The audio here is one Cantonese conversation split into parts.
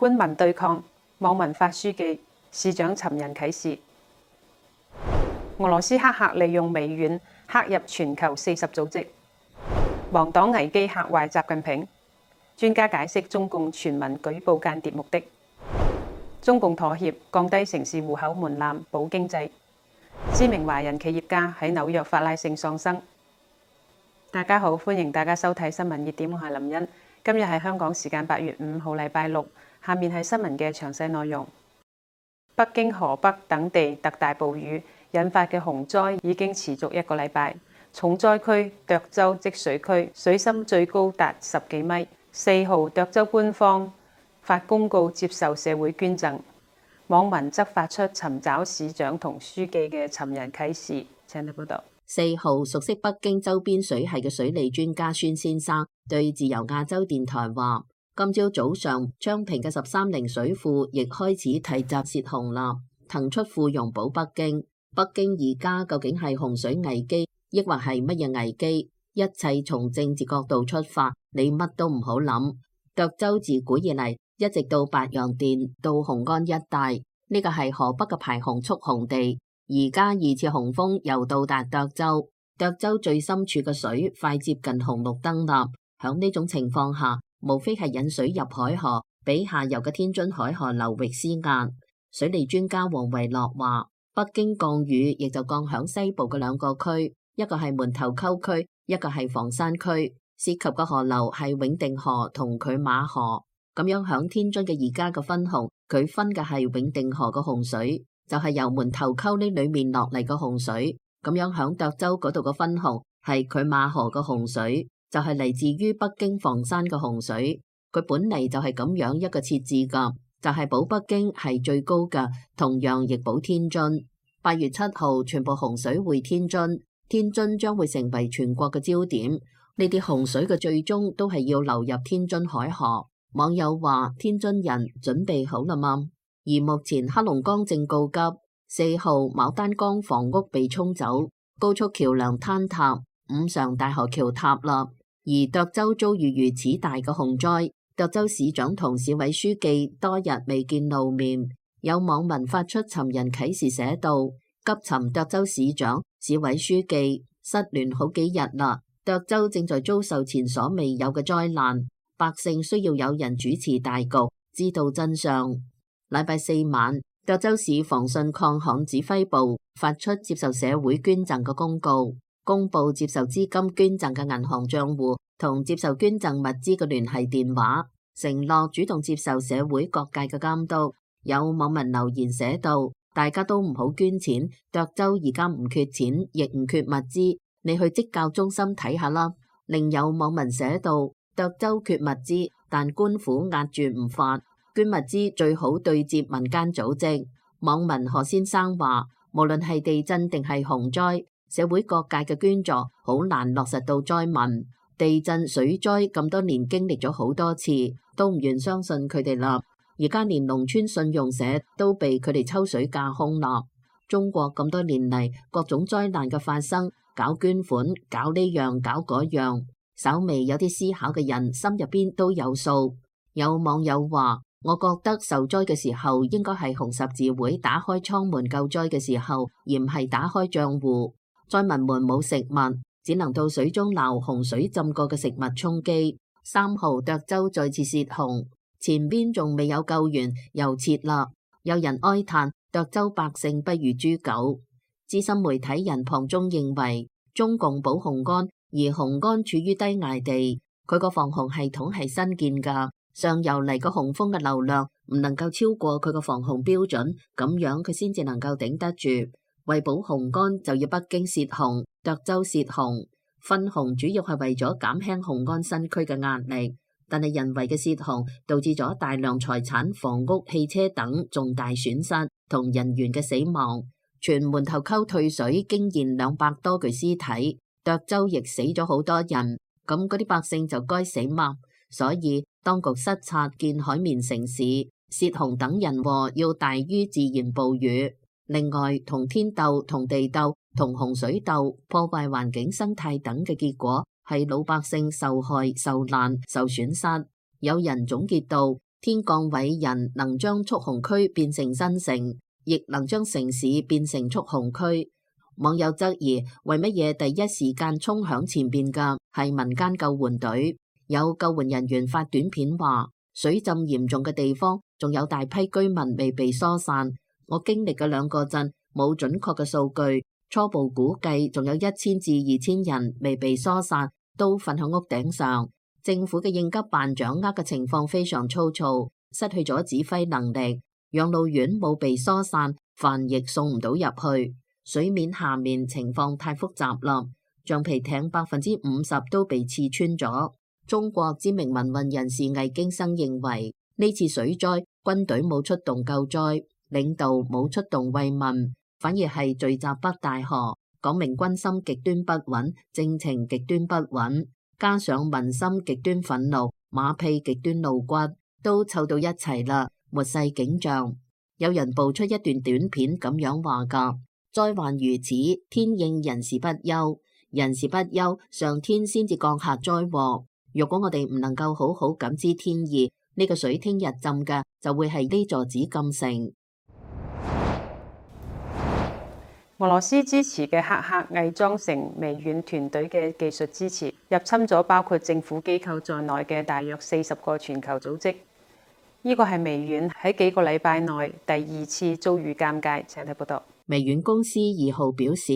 官民對抗，網民發書記、市長尋人啟事。俄羅斯黑客利用微軟黑入全球四十組織。亡黨危機嚇壞習近平。專家解釋中共全民舉報間諜目的。中共妥協降低城市戶口門檻保經濟。知名華人企業家喺紐約法拉盛喪生。大家好，歡迎大家收睇新聞熱點，我係林茵。今日係香港時間八月五號，禮拜六。下面係新聞嘅詳細內容。北京、河北等地特大暴雨引發嘅洪災已經持續一個禮拜，重災區涿州積水區水深最高達十幾米。四號涿州官方發公告接受社會捐贈，網民則發出尋找市長同書記嘅尋人啟事。請你報道。四號熟悉北京周邊水系嘅水利專家孫先生對自由亞洲電台話。今朝早，早上，昌平嘅十三陵水庫亦開始提閘泄洪啦，騰出庫容保北京。北京而家究竟係洪水危機，抑或係乜嘢危機？一切從政治角度出發，你乜都唔好諗。涿州自古以嚟，一直到白洋淀到雄安一帶，呢個係河北嘅排洪蓄洪地。而家二次洪峰又到達涿州，涿州最深處嘅水快接近紅綠燈啦，響呢種情況下，無非係引水入海河，俾下游嘅天津海河流域施壓。水利專家王維樂話：北京降雨亦就降響西部嘅兩個區，一個係門頭溝區，一個係房山區。涉及嘅河流係永定河同拒馬河。咁樣響天津嘅而家嘅分洪，佢分嘅係永定河嘅洪水，就係、是、由門頭溝呢裏面落嚟嘅洪水。咁樣響涿州嗰度嘅分洪，係拒馬河嘅洪水。就係嚟自於北京房山嘅洪水，佢本嚟就係咁樣一個設置噶，就係、是、保北京係最高噶，同樣亦保天津。八月七號，全部洪水匯天津，天津將會成為全國嘅焦點。呢啲洪水嘅最終都係要流入天津海河。網友話：天津人準備好啦嗎？而目前黑龍江正告急，四號牡丹江房屋被沖走，高速橋梁坍塌，五常大河橋塌啦。而涿州遭遇如此大嘅洪災，涿州市長同市委書記多日未見露面。有網民發出尋人啟事，寫道，急尋涿州市長、市委書記失聯好幾日啦。涿州正在遭受前所未有嘅災難，百姓需要有人主持大局，知道真相。禮拜四晚，涿州市防汛抗旱指揮部發出接受社會捐贈嘅公告。公布接受資金捐贈嘅銀行賬戶同接受捐贈物資嘅聯繫電話，承諾主動接受社會各界嘅監督。有網民留言寫道：大家都唔好捐錢，涿州而家唔缺錢，亦唔缺物資，你去職教中心睇下啦。另有網民寫道：涿州缺物資，但官府壓住唔發，捐物資最好對接民間組織。網民何先生話：無論係地震定係洪災，社會各界嘅捐助好難落實到災民。地震、水災咁多年經歷咗好多次，都唔願相信佢哋喇。而家連農村信用社都被佢哋抽水架空落。立中國咁多年嚟，各種災難嘅發生，搞捐款，搞呢樣，搞嗰樣，稍微有啲思考嘅人心入邊都有數。有網友話：我覺得受災嘅時候應該係紅十字會打開倉門救災嘅時候，而唔係打開賬戶。災民們冇食物，只能到水中撈洪水浸過嘅食物充飢。三號涿州再次泄洪，前邊仲未有救援，又撤啦。有人哀嘆涿州百姓不如豬狗。資深媒體人旁中認為，中共保雄安，而雄安處於低窪地，佢個防洪系統係新建噶，上游嚟個洪峰嘅流量唔能夠超過佢個防洪標準，咁樣佢先至能夠頂得住。為保雄安，就要北京泄洪，涿州泄洪。分洪主要係為咗減輕雄安新區嘅壓力，但係人為嘅泄洪導致咗大量財產、房屋、汽車等重大損失同人員嘅死亡。全門頭溝退水驚現兩百多具屍體，涿州亦死咗好多人。咁嗰啲百姓就該死嘛？所以當局失策，建海綿城市，泄洪等人禍要大於自然暴雨。另外，同天鬥、同地鬥、同洪水鬥、破壞環境生態等嘅結果，係老百姓受害、受難、受損失。有人總結道：天降偉人，能將蓄洪區變成新城，亦能將城市變成蓄洪區。網友質疑：為乜嘢第一時間衝向前邊嘅係民間救援隊？有救援人員發短片話：水浸嚴重嘅地方，仲有大批居民未被疏散。我經歷嘅兩個鎮冇準確嘅數據，初步估計仲有一千至二千人未被疏散，都瞓響屋頂上。政府嘅應急辦掌握嘅情況非常粗糙，失去咗指揮能力。養老院冇被疏散，飯亦送唔到入去。水面下面情況太複雜啦，橡皮艇百分之五十都被刺穿咗。中國知名民運人士魏京生認為，呢次水災軍隊冇出動救災。領導冇出動慰問，反而係聚集北戴河，講明軍心極端不穩，政情極端不穩，加上民心極端憤怒，馬屁極端露骨，都湊到一齊啦，末世景象。有人報出一段短片，咁樣話噶災患如此，天應人事不休，人事不休，上天先至降下災禍。如果我哋唔能夠好好感知天意，呢、呢個水聽日浸噶就會係呢座紫禁城。俄羅斯支持嘅黑客偽裝成微軟團隊嘅技術支持，入侵咗包括政府機構在內嘅大約四十個全球組織。呢個係微軟喺幾個禮拜內第二次遭遇尷尬。請睇報道。微軟公司二號表示，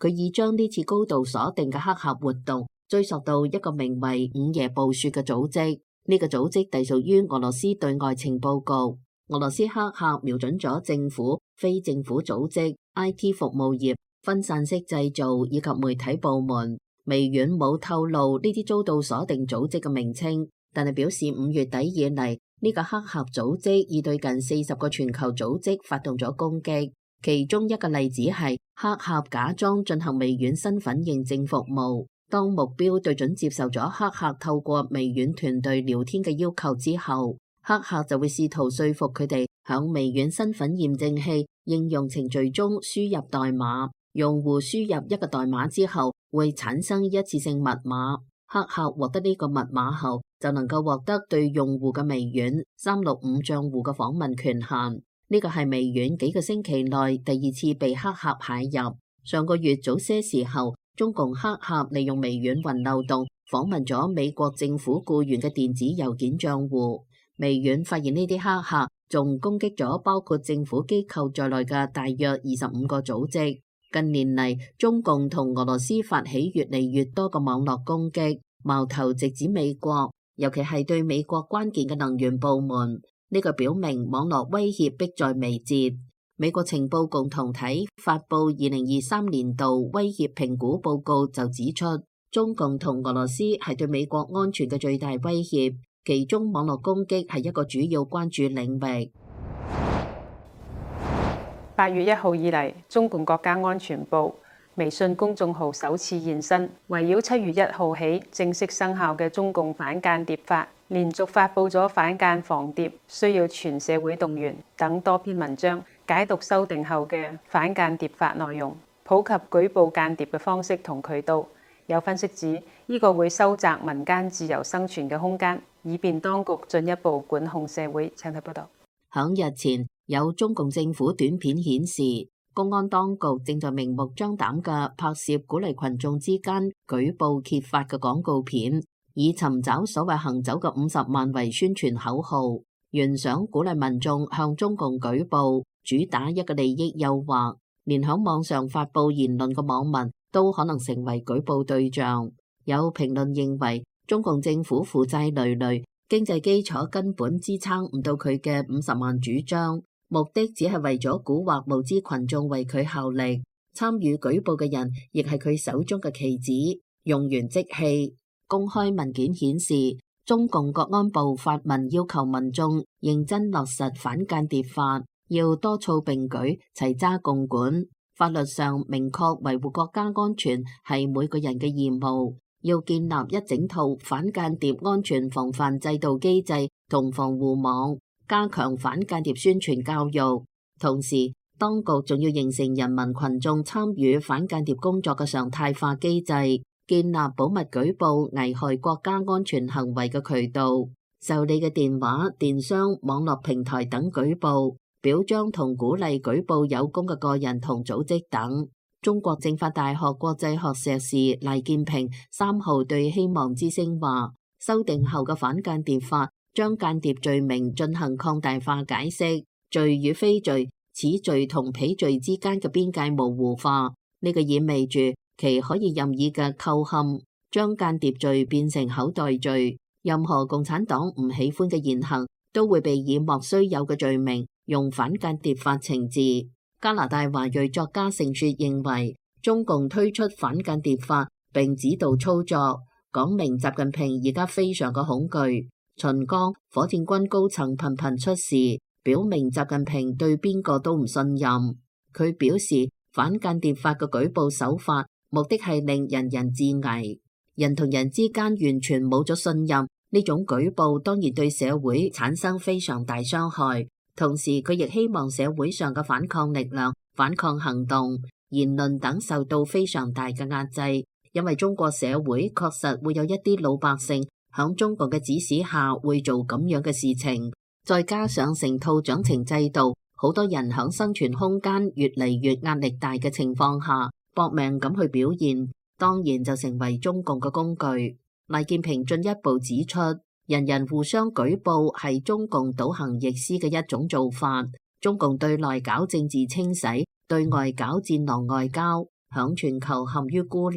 佢已將呢次高度鎖定嘅黑客活動追溯到一個名為午夜暴雪嘅組織。呢、這個組織隸屬於俄羅斯對外情報局。俄羅斯黑客瞄準咗政府、非政府組織。I.T. 服務業、分散式製造以及媒體部門，微軟冇透露呢啲遭到鎖定組織嘅名稱，但係表示五月底以嚟，呢個黑客組織已對近四十個全球組織發動咗攻擊。其中一個例子係黑客假裝進行微軟身份認證服務，當目標對準接受咗黑客透過微軟團隊聊天嘅要求之後，黑客就會試圖說服佢哋響微軟身份驗證器。應用程序中輸入代碼，用戶輸入一個代碼之後會產生一次性密碼。黑客獲得呢個密碼後，就能夠獲得對用戶嘅微軟三六五賬戶嘅訪問權限。呢個係微軟幾個星期內第二次被黑客駭入。上個月早些時候，中共黑客利用微軟雲漏洞訪問咗美國政府僱員嘅電子郵件賬戶。微軟發現呢啲黑客，仲攻擊咗包括政府機構在內嘅大約二十五個組織。近年嚟，中共同俄羅斯發起越嚟越多嘅網絡攻擊，矛頭直指美國，尤其係對美國關鍵嘅能源部門，呢個表明網絡威脅迫在眉睫。美國情報共同體發布二零二三年度威脅評估報告就指出，中共同俄羅斯係對美國安全嘅最大威脅。其中，網絡攻擊係一個主要關注領域。八月一號以嚟，中共國家安全部微信公眾號首次現身，圍繞七月一號起正式生效嘅中共反間諜法，連續發布咗反間防諜需要全社會動員等多篇文章，解讀修訂後嘅反間諜法內容，普及舉報間諜嘅方式同渠道。有分析指，呢個會收窄民間自由生存嘅空間，以便當局進一步管控社會，請睇報道。響日前，有中共政府短片顯示，公安當局正在明目張膽嘅拍攝鼓勵群眾之間舉報揭發嘅廣告片，以尋找所謂行走嘅五十萬為宣傳口號，懸賞鼓勵民眾向中共舉報，主打一個利益誘惑，連響網上發布言論嘅網民都可能成為舉報對象。有評論認為，中共政府負債累累，經濟基礎根本支撐唔到佢嘅五十萬主張，目的只係為咗蠱惑無知群眾為佢效力。參與舉報嘅人亦係佢手中嘅棋子，用完即棄。公開文件顯示，中共國安部發文要求民眾認真落實反間諜法，要多措並舉，齊抓共管。法律上明確維護國家安全係每個人嘅義務。要建立一整套反間諜安全防範制度機制同防護網，加強反間諜宣傳教育。同時，當局仲要形成人民群眾參與反間諜工作嘅常態化機制，建立保密舉報危害國家安全行為嘅渠道，受理嘅電話、電商、網絡平台等舉報，表彰同鼓勵舉報有功嘅個人同組織等。中國政法大學國際學碩士黎建平三號對希望之聲話：修訂後嘅反間諜法將間諜罪名進行擴大化解釋，罪與非罪、此罪同彼罪之間嘅邊界模糊化，呢個意味住其可以任意嘅扣陷，將間諜罪變成口袋罪，任何共產黨唔喜歡嘅言行都會被以莫須有嘅罪名用反間諜法懲治。加拿大華裔作家盛雪認為，中共推出反間諜法並指導操作，講明習近平而家非常嘅恐懼。秦剛、火箭軍高層頻頻出事，表明習近平對邊個都唔信任。佢表示，反間諜法嘅舉報手法，目的係令人人自危，人同人之間完全冇咗信任。呢種舉報當然對社會產生非常大傷害。同時，佢亦希望社會上嘅反抗力量、反抗行動、言論等受到非常大嘅壓制，因為中國社會確實會有一啲老百姓喺中共嘅指使下會做咁樣嘅事情。再加上成套獎懲制度，好多人喺生存空間越嚟越壓力大嘅情況下，搏命咁去表現，當然就成為中共嘅工具。賴建平進一步指出。人人互相舉報係中共倒行逆施嘅一種做法。中共對內搞政治清洗,對外搞戰狼外交,響全球陷於孤立。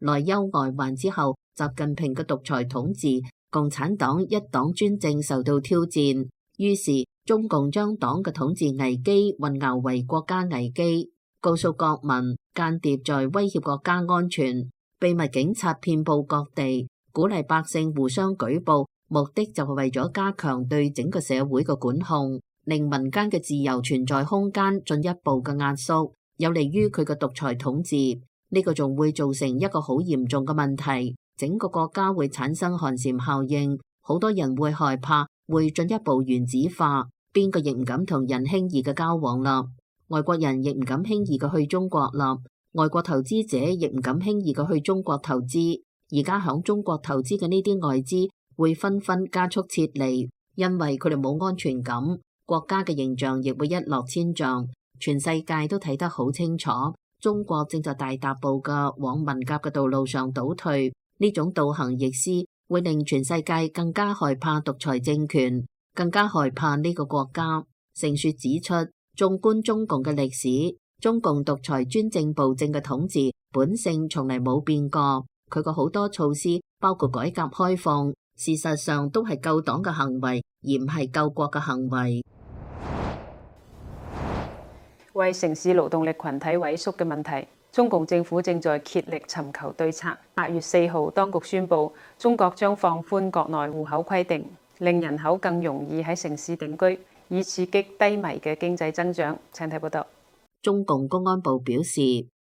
內憂外患之後,習近平嘅獨裁統治,共產黨一黨專政受到挑戰。於是,中共將黨嘅統治危機混淆為國家危機,告訴國民,間諜在威脅國家安全,秘密警察遍佈各地,鼓勵百姓互相舉報,目的就係為咗加強對整個社會嘅管控，令民間嘅自由存在空間進一步嘅壓縮，有利於佢嘅獨裁統治。呢個仲會造成一個好嚴重嘅問題，整個國家會產生寒蟬效應，好多人會害怕，會進一步原子化，邊個亦唔敢同人輕易嘅交往啦。外國人亦唔敢輕易嘅去中國啦，外國投資者亦唔敢輕易嘅去中國投資。而家響中國投資嘅呢啲外資。會紛紛加速撤離，因為佢哋冇安全感。國家嘅形象亦會一落千丈，全世界都睇得好清楚。中國正在大踏步嘅往文革嘅道路上倒退，呢種倒行逆施會令全世界更加害怕獨裁政權，更加害怕呢個國家。盛雪指出，縱觀中共嘅歷史，中共獨裁專政暴政嘅統治本性從來冇變過，佢個好多措施包括改革開放。事實上都係救黨嘅行為，而唔係救國嘅行為。為城市勞動力群體萎縮嘅問題，中共政府正在竭力尋求對策。八月四號，當局宣布，中國將放寬國內戶口規定，令人口更容易喺城市定居，以刺激低迷嘅經濟增長。請睇報道。中共公安部表示，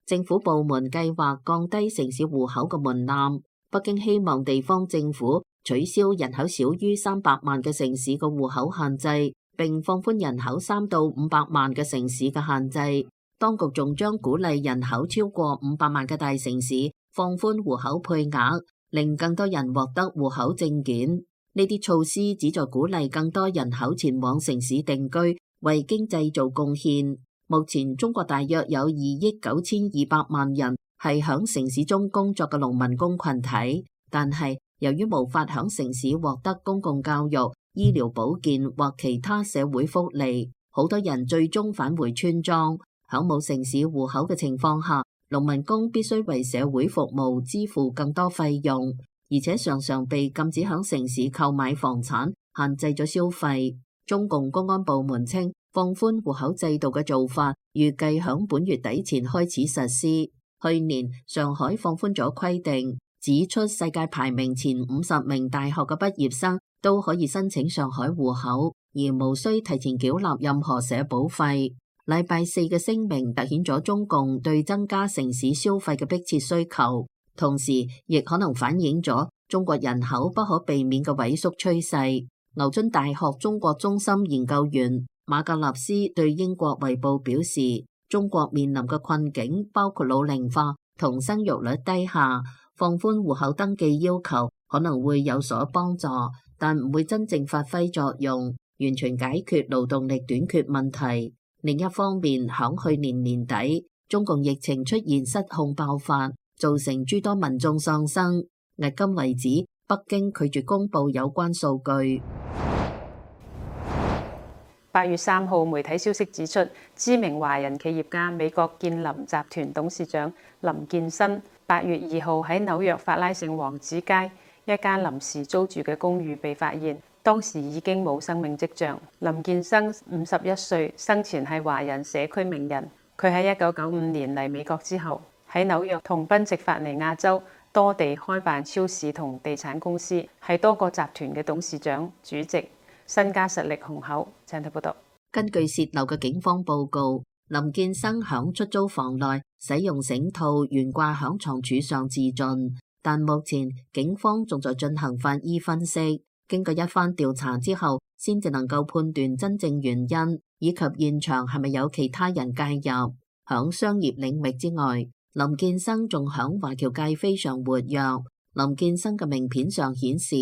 政府部門計劃降低城市戶口嘅門檻。北京希望地方政府。取消人口少於三百萬嘅城市嘅戶口限制，並放寬人口三到五百萬嘅城市嘅限制。當局仲將鼓勵人口超過五百萬嘅大城市放寬戶口配額，令更多人獲得戶口證件。呢啲措施旨在鼓勵更多人口前往城市定居，為經濟做貢獻。目前中國大約有二億九千二百萬人係響城市中工作嘅農民工群體，但係。由於無法響城市獲得公共教育、醫療保健或其他社會福利，好多人最終返回村莊。響冇城市戶口嘅情況下，農民工必須為社會服務支付更多費用，而且常常被禁止響城市購買房產，限制咗消費。中共公安部門稱，放寬戶口制度嘅做法預計響本月底前開始實施。去年上海放寬咗規定。指出世界排名前五十名大學嘅畢業生都可以申請上海戶口，而無需提前繳納任何社保費。禮拜四嘅聲明凸顯咗中共對增加城市消費嘅迫切需求，同時亦可能反映咗中國人口不可避免嘅萎縮趨勢。牛津大學中國中心研究員馬格納斯對英國衛報表示，中國面臨嘅困境包括老齡化同生育率低下。放寬戶口登記要求可能會有所幫助，但唔會真正發揮作用，完全解決勞動力短缺問題。另一方面響，去年年底中共疫情出現失控爆發，造成諸多民眾喪生，迄今為止北京拒絕公佈有關數據。八月3號，媒體消息指出，知名華人企業家美國建林集團董事長林建新八月二號喺紐約法拉盛王子街一間臨時租住嘅公寓被發現，當時已經冇生命跡象。林建生五十一歲，生前係華人社區名人。佢喺一九九五年嚟美國之後，喺紐約同賓夕法尼亞州多地開辦超市同地產公司，係多個集團嘅董事長主席，身家實力雄厚。陳太報道，根據洩漏嘅警方報告。林建生響出租房內使用繩套懸掛響床柱上自盡，但目前警方仲在進行法醫分析。經過一番調查之後，先至能夠判斷真正原因以及現場係咪有其他人介入。響商業領域之外，林建生仲響華僑界非常活躍。林建生嘅名片上顯示，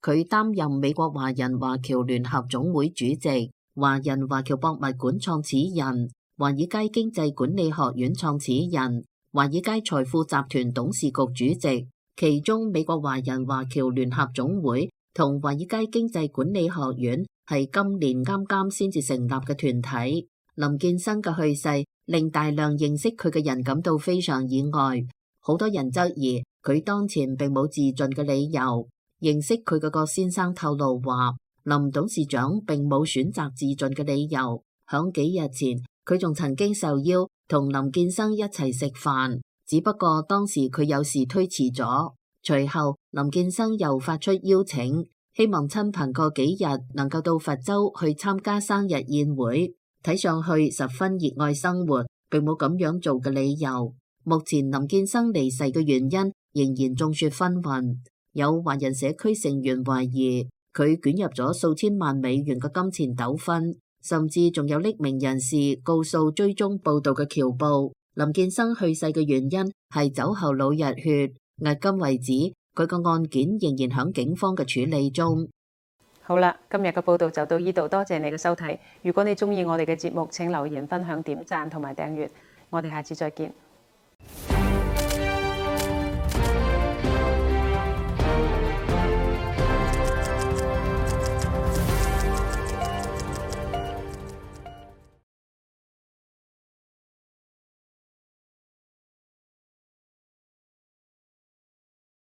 佢擔任美國華人華僑聯合總會主席、華人華僑博物館創始人。華爾街經濟管理學院創始人、華爾街財富集團董事局主席，其中美國華人華僑聯合總會同華爾街經濟管理學院係今年啱啱先至成立嘅團體。林建生嘅去世令大量認識佢嘅人感到非常意外，好多人質疑佢當前並冇自盡嘅理由。認識佢嘅郭先生透露話，林董事長並冇選擇自盡嘅理由，響幾日前。佢仲曾經受邀同林建生一齊食飯，只不過當時佢有事推遲咗。隨後林建生又發出邀請，希望親朋過幾日能夠到佛州去參加生日宴會。睇上去十分熱愛生活，並冇咁樣做嘅理由。目前林建生離世嘅原因仍然眾說紛紜，有華人社區成員懷疑佢捲入咗數千萬美元嘅金錢糾紛。甚至仲有匿名人士告訴追蹤報道嘅《僑報》，林建生去世嘅原因係酒後腦溢血，迄今為止佢個案件仍然響警方嘅處理中。好啦，今日嘅報道就到呢度，多謝你嘅收睇。如果你中意我哋嘅節目，請留言分享、點贊同埋訂閱。我哋下次再見。